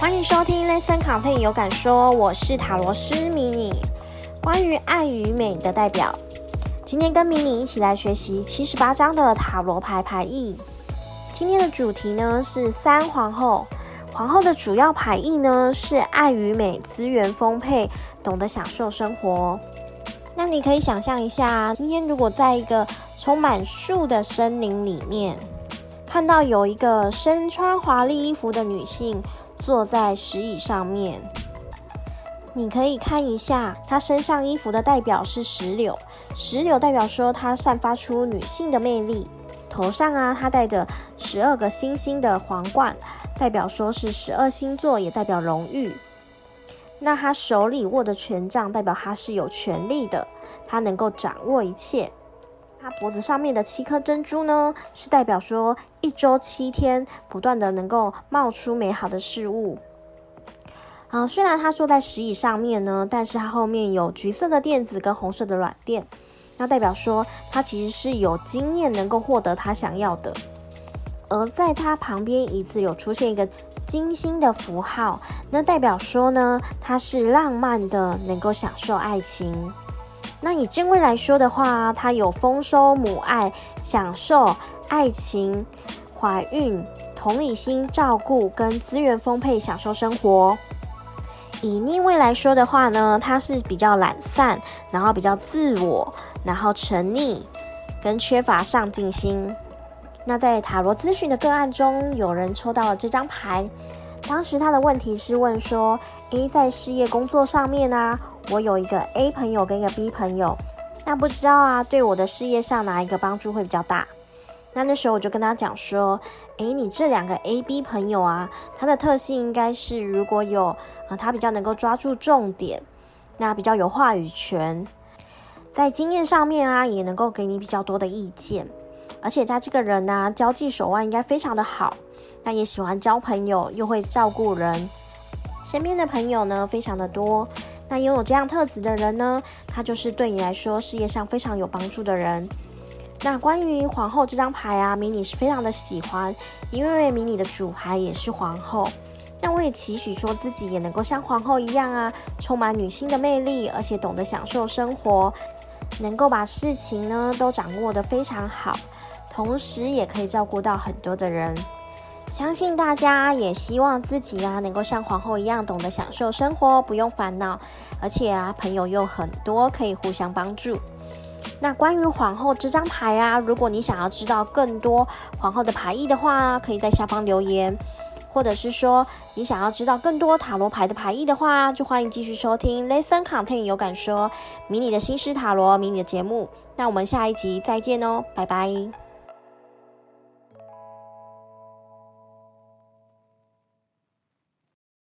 歡迎收聽《ListenContent 有感說》，我是塔羅師迷你，關於愛與美的代表。今天跟迷你一起來學習七十八張的塔羅牌牌意。今天的主題呢是三皇後，皇後的主要牌意呢是愛與美，資源豐沛，懂得享受生活。那你可以想象一下，今天如果在一個充滿樹的森林裡面，看到有一個身穿華麗衣服的女性。坐在石椅上面，你可以看一下，她身上衣服的代表是石榴，石榴代表說她散發出女性的魅力。頭上啊，她戴着十二個星星的皇冠，代表說是十二星座，也代表榮譽。那她手裡握的權杖，代表她是有權力的，她能夠掌握一切。他脖子上面的七顆珍珠呢，是代表說一周七天不斷的能夠冒出美好的事物。啊，雖然他坐在石椅上面呢，但是他後面有橘色的墊子跟紅色的軟墊，那代表說他其實是有經驗能夠獲得他想要的。而在他旁邊椅子有出現一個金星的符號，那代表說呢，他是浪漫的，能夠享受愛情。那以正位來說的話，它有豐收、母愛、享受、愛情、懷孕、同理心、照顧跟資源豐沛、享受生活。以逆位來說的話呢，它是比較懶散，然後比較自我，然後沉溺跟缺乏上進心。那在塔羅諮詢的個案中，有人抽到了這張牌，當時他的問題是問說，誒、欸，在事業工作上面啊。我有一個 A 朋友跟一個 B 朋友，那不知道啊，對我的事業上哪一個幫助會比較大？那那時候我就跟他講說，誒，你這兩個 A、B 朋友啊，他的特性應該是如果有啊，他比較能夠抓住重點，那比較有話語權，在經驗上面啊，也能夠給你比較多的意見，而且他這個人呢，啊，交際手腕應該非常的好，他也喜歡交朋友，又會照顧人，身邊的朋友呢非常的多。那擁有這樣特質的人呢，他就是對你來說事業上非常有幫助的人。那關於皇後這張牌啊，迷你是非常的喜歡，因為迷你的主牌也是皇後，那我也期許說自己也能夠像皇後一樣啊，充滿女性的魅力，而且懂得享受生活，能夠把事情呢都掌握得非常好，同時也可以照顧到很多的人。相信大家也希望自己啊能夠像皇後一樣懂得享受生活，不用煩惱，而且啊朋友又很多，可以互相幫助。那關於皇後這張牌啊，如果你想要知道更多皇後的牌意的話，可以在下方留言，或者是說你想要知道更多塔羅牌的牌意的話，就歡迎繼續收聽《Listen Content 有感說迷你的心師塔羅》迷你的節目。那我們下一集再見哦，拜拜。